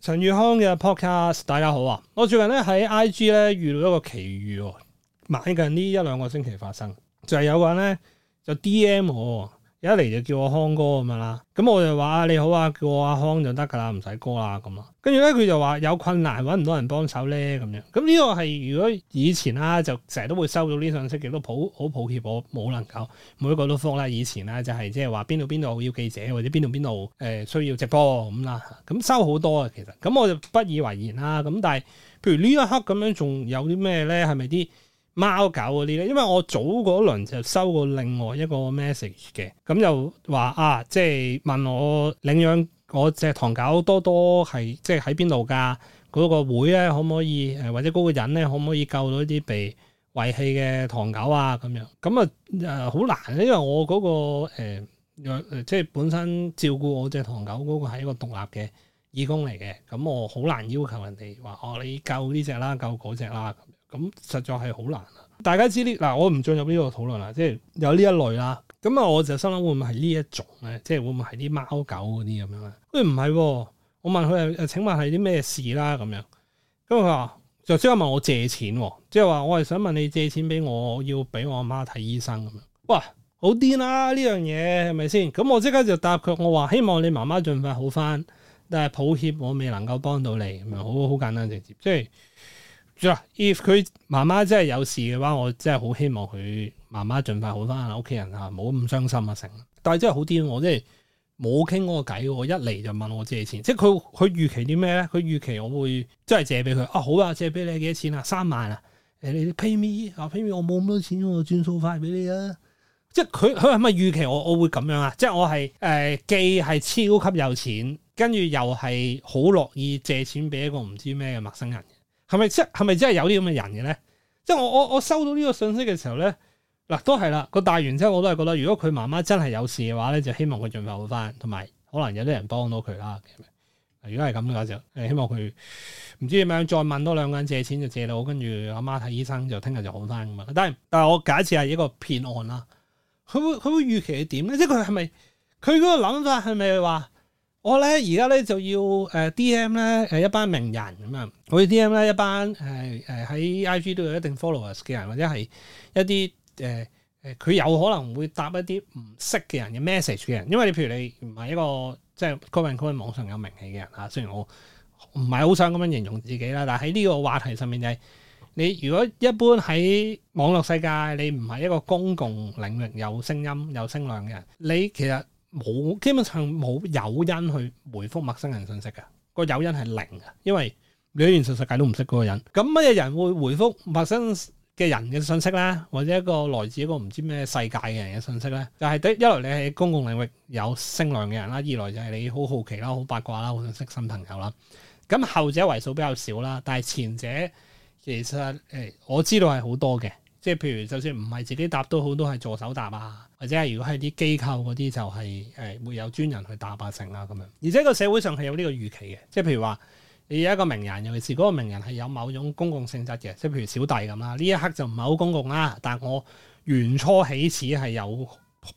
陳宇康嘅、yep, podcast，大家好啊！我最近咧喺 IG 咧遇到一個奇遇喎，晚近呢一兩個星期發生，就係、是、有個人咧就 DM 我。一嚟就叫我康哥咁樣啦，咁我就話你好啊，叫我阿康就得噶啦，唔使哥啦咁啊。跟住咧，佢就話有困難揾唔到人幫手咧咁樣。咁呢個係如果以前啦、啊，就成日都會收到呢信息，亦都抱好抱歉我。我冇能夠每一個都覆啦。以前咧、啊、就係即係話邊度邊度要記者或者邊度邊度誒需要直播咁啦，咁收好多啊。其實咁我就不以為然啦。咁但係譬如呢一刻咁樣，仲有啲咩咧？係咪啲？貓狗嗰啲咧，因為我早嗰輪就收過另外一個 message 嘅，咁就話啊，即係問我領養我隻唐狗多多係即係喺邊度㗎？嗰個會咧可唔可以？誒或者嗰個人咧可唔可以救到啲被遺棄嘅唐狗啊？咁樣咁啊誒好難，因為我嗰個、誒、即係本身照顧我隻唐狗嗰個係一個獨立嘅義工嚟嘅，咁我好難要求人哋話哦，你救呢隻啦，救嗰隻啦。咁實在係好難啊！大家知呢嗱，我唔進入呢個討論啦，即係有呢一類啦。咁啊，我就心諗會唔會係呢一種咧？即係會唔會係啲貓狗嗰啲咁樣咧？佢唔係，我問佢誒，請問係啲咩事啦？咁樣，咁佢話就即刻問我借錢，即係話我係想問你借錢俾我，要俾我阿媽睇醫生咁樣。哇，好癲啦！呢樣嘢係咪先？咁我即刻就答佢，我話希望你媽媽盡快好翻，但係抱歉我未能夠幫到你，咁樣好好簡單直接，即係。住啦！If 佢媽媽真係有事嘅話，我真係好希望佢媽媽盡快好翻，屋企人啊，冇咁傷心啊成。但係真係好癲，我真係冇傾嗰個偈，我一嚟就問我借錢。即係佢佢預期啲咩咧？佢預期我會真係借俾佢啊！好啊，借俾你幾多錢啊？三萬啊！誒，你 pay me 啊？pay me，我冇咁多錢喎，我就轉數快俾你啊！即係佢佢係咪預期我我會咁樣啊？即係我係誒、呃、既係超級有錢，跟住又係好樂意借錢俾一個唔知咩嘅陌生人。係咪即係咪真係有啲咁嘅人嘅咧？即係我我我收到呢個信息嘅時候咧，嗱都係啦。個大完之後我都係覺得，如果佢媽媽真係有事嘅話咧，就希望佢盡快好翻，同埋可能有啲人幫到佢啦。如果係咁嘅話就，希望佢唔知點樣再問多兩個人借錢就借到，跟住阿媽睇醫生就聽日就好翻咁嘛。但但係我假設係一個騙案啦，佢會佢會預期係點咧？即係佢係咪佢嗰個諗法係咪話？我咧，而家咧，就要誒 DM 咧誒一班名人咁啊，我哋 DM 咧一班誒誒喺 IG 都有一定 followers 嘅人，或者係一啲誒誒佢有可能會答一啲唔識嘅人嘅 message 嘅人，因為你譬如你唔係一個即係 Comment Comment 網上有名氣嘅人啊，雖然我唔係好想咁樣形容自己啦，但喺呢個話題上面就係，你如果一般喺網絡世界，你唔係一個公共領域有聲音有聲量嘅人，你其實冇，基本上冇誘因去回覆陌生人信息嘅，嗰個誘因係零嘅，因為你喺現實世界都唔識嗰個人。咁乜嘢人會回覆陌生嘅人嘅信息咧，或者一個來自一個唔知咩世界嘅人嘅信息咧？就係，一來你喺公共領域有聲量嘅人啦，二來就係你好好奇啦、好八卦啦、好想識新朋友啦。咁後者為數比較少啦，但係前者其實誒我知道係好多嘅，即係譬如就算唔係自己答都好，都係助手答啊。即係如果係啲機構嗰啲就係、是、誒會有專人去打八成啦咁樣，而且個社會上係有呢個預期嘅，即係譬如話你有一個名人，尤其是嗰個名人係有某種公共性質嘅，即係譬如小弟咁啦，呢一刻就唔係好公共啦，但係我原初起始係有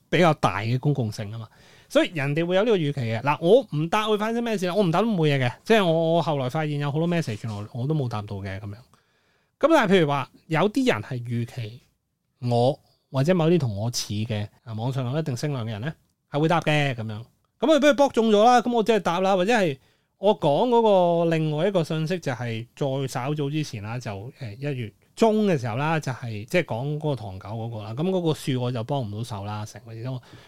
比較大嘅公共性啊嘛，所以人哋會有呢個預期嘅。嗱，我唔答會發生咩事？我唔答都冇嘢嘅，即係我我後來發現有好多 message 我都冇答到嘅咁樣。咁但係譬如話有啲人係預期我。或者某啲同我似嘅啊，網上有一定聲量嘅人咧，係會答嘅咁樣。咁啊，俾佢博中咗啦。咁我即係答啦，或者係我講嗰個另外一個信息就係再稍早之前啦，就誒一月中嘅時候啦，就係即係講嗰個唐狗嗰個啦。咁嗰個樹我就幫唔到手啦，成個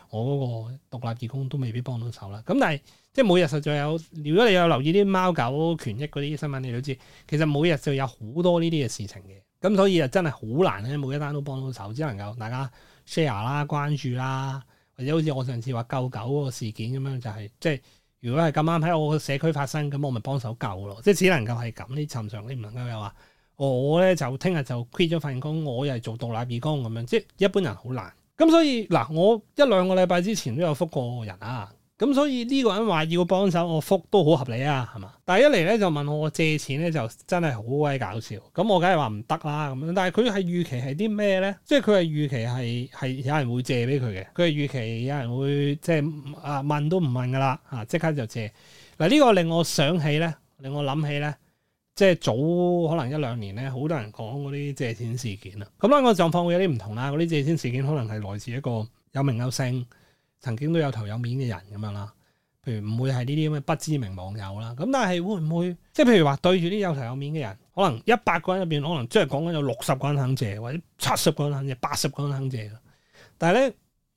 我我嗰個獨立義工都未必幫到手啦。咁但係即係每日實在有，如果你有留意啲貓狗權益嗰啲新聞，你都知其實每日就有好多呢啲嘅事情嘅。咁所以啊，真係好難咧，每一單都幫到手，只能夠大家 share 啦、關注啦，或者好似我上次話救狗嗰個事件咁樣，就係、是、即係如果係咁啱喺我個社區發生，咁我咪幫手救咯，即係只能夠係咁。你尋常你唔能夠又話我咧就聽日就 quit 咗份工，我又係做獨立義工咁樣，即係一般人好難。咁所以嗱，我一兩個禮拜之前都有覆過人啊。咁所以呢個人話要幫手，我覆都好合理啊，係嘛？但係一嚟咧就問我借錢咧，就真係好鬼搞笑。咁我梗係話唔得啦。咁但係佢係預期係啲咩咧？即係佢係預期係係有人會借俾佢嘅。佢係預期有人會即係啊問都唔問噶啦，啊即刻就借。嗱、啊、呢、呢個令我想起咧，令我諗起咧，即係早可能一兩年咧，好多人講嗰啲借錢事件啊。咁、嗯、嗰、嗰個狀況會有啲唔同啦。嗰啲借錢事件可能係來自一個有名有姓。曾經都有頭有面嘅人咁樣啦，譬如唔會係呢啲咁嘅不知名網友啦，咁但係會唔會即係譬如話對住啲有頭有面嘅人，可能一百個人入邊，可能即係講緊有六十個人肯借，或者七十個人肯借，八十個人肯借。但係咧，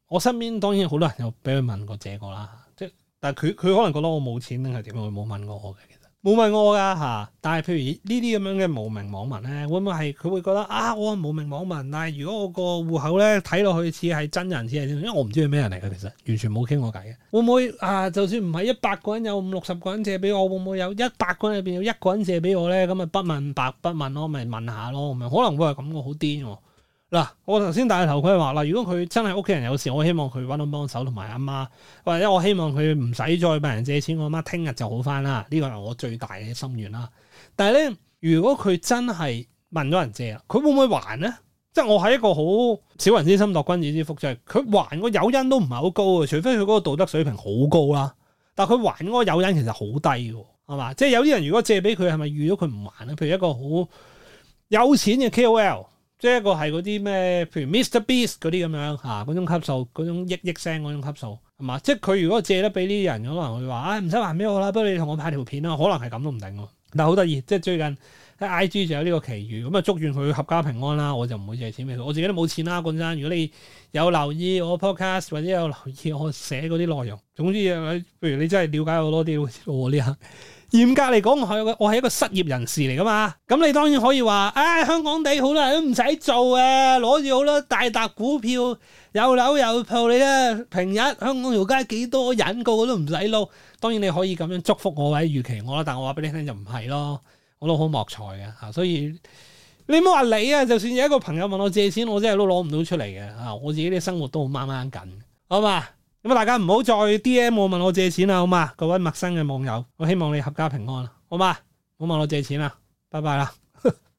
我身邊當然好多人有俾佢問過借過啦，即係但係佢佢可能覺得我冇錢定係點樣，佢冇問過我嘅。冇問我噶嚇，但係譬如呢啲咁樣嘅無名網民咧，會唔會係佢會覺得啊，我係無名網民，但係如果我個戶口咧睇落去似係真人，似係，因為我唔知佢咩人嚟嘅，其實完全冇傾過偈嘅，會唔會啊？就算唔係一百個人有五六十個人借俾我，會唔會有一百個人入邊有一個人借俾我咧？咁咪不問白不問咯，咪問下咯咁樣，可能會係咁，我好癲喎。嗱，我頭先戴頭盔話啦，如果佢真係屋企人有事，我希望佢揾到幫手同埋阿媽，或者我希望佢唔使再問人借錢，我阿媽聽日就好翻啦。呢個係我最大嘅心願啦。但係咧，如果佢真係問咗人借，佢會唔會還咧？即係我係一個好小人之心度君子之腹，就係，即係佢還個誘因都唔係好高啊，除非佢嗰個道德水平好高啦。但係佢還個誘因其實好低嘅，係嘛？即係有啲人如果借俾佢，係咪預咗佢唔還咧？譬如一個好有錢嘅 K O L。即係一個係嗰啲咩，譬如 Mr. Beast 嗰啲咁樣嚇，嗰種級數，嗰種億億聲嗰種級數係嘛？即係佢如果借得俾呢啲人，咁，可能會話，啊、哎，唔使還俾我啦，不如你同我拍條片啦。可能係咁都唔定。但係好得意，即係最近。喺 IG 就有呢個奇遇，咁啊祝願佢合家平安啦！我就唔會借錢俾佢，我自己都冇錢啦。冠生，如果你有留意我 podcast 或者有留意我寫嗰啲內容，總之譬如你真係了解我多啲， 我呢下嚴格嚟講，我係一個失業人士嚟噶嘛。咁你當然可以話，唉、哎，香港地好啦，都唔使做嘅，攞住好啦，大沓股票有樓有鋪你啦。平日香港條街幾多人，個個都唔使撈，當然你可以咁樣祝福我或者預期我啦，但我話俾你聽就唔係咯。我都好莫才嘅吓，所以你唔好話你啊，就算有一個朋友問我借錢，我真係都攞唔到出嚟嘅吓，我自己啲生活都好掹掹緊，好嘛？咁啊，大家唔好再 DM 我問我借錢啦，好嘛？各位陌生嘅網友，我希望你闔家平安，好嘛？唔好問我借錢啦，拜拜啦。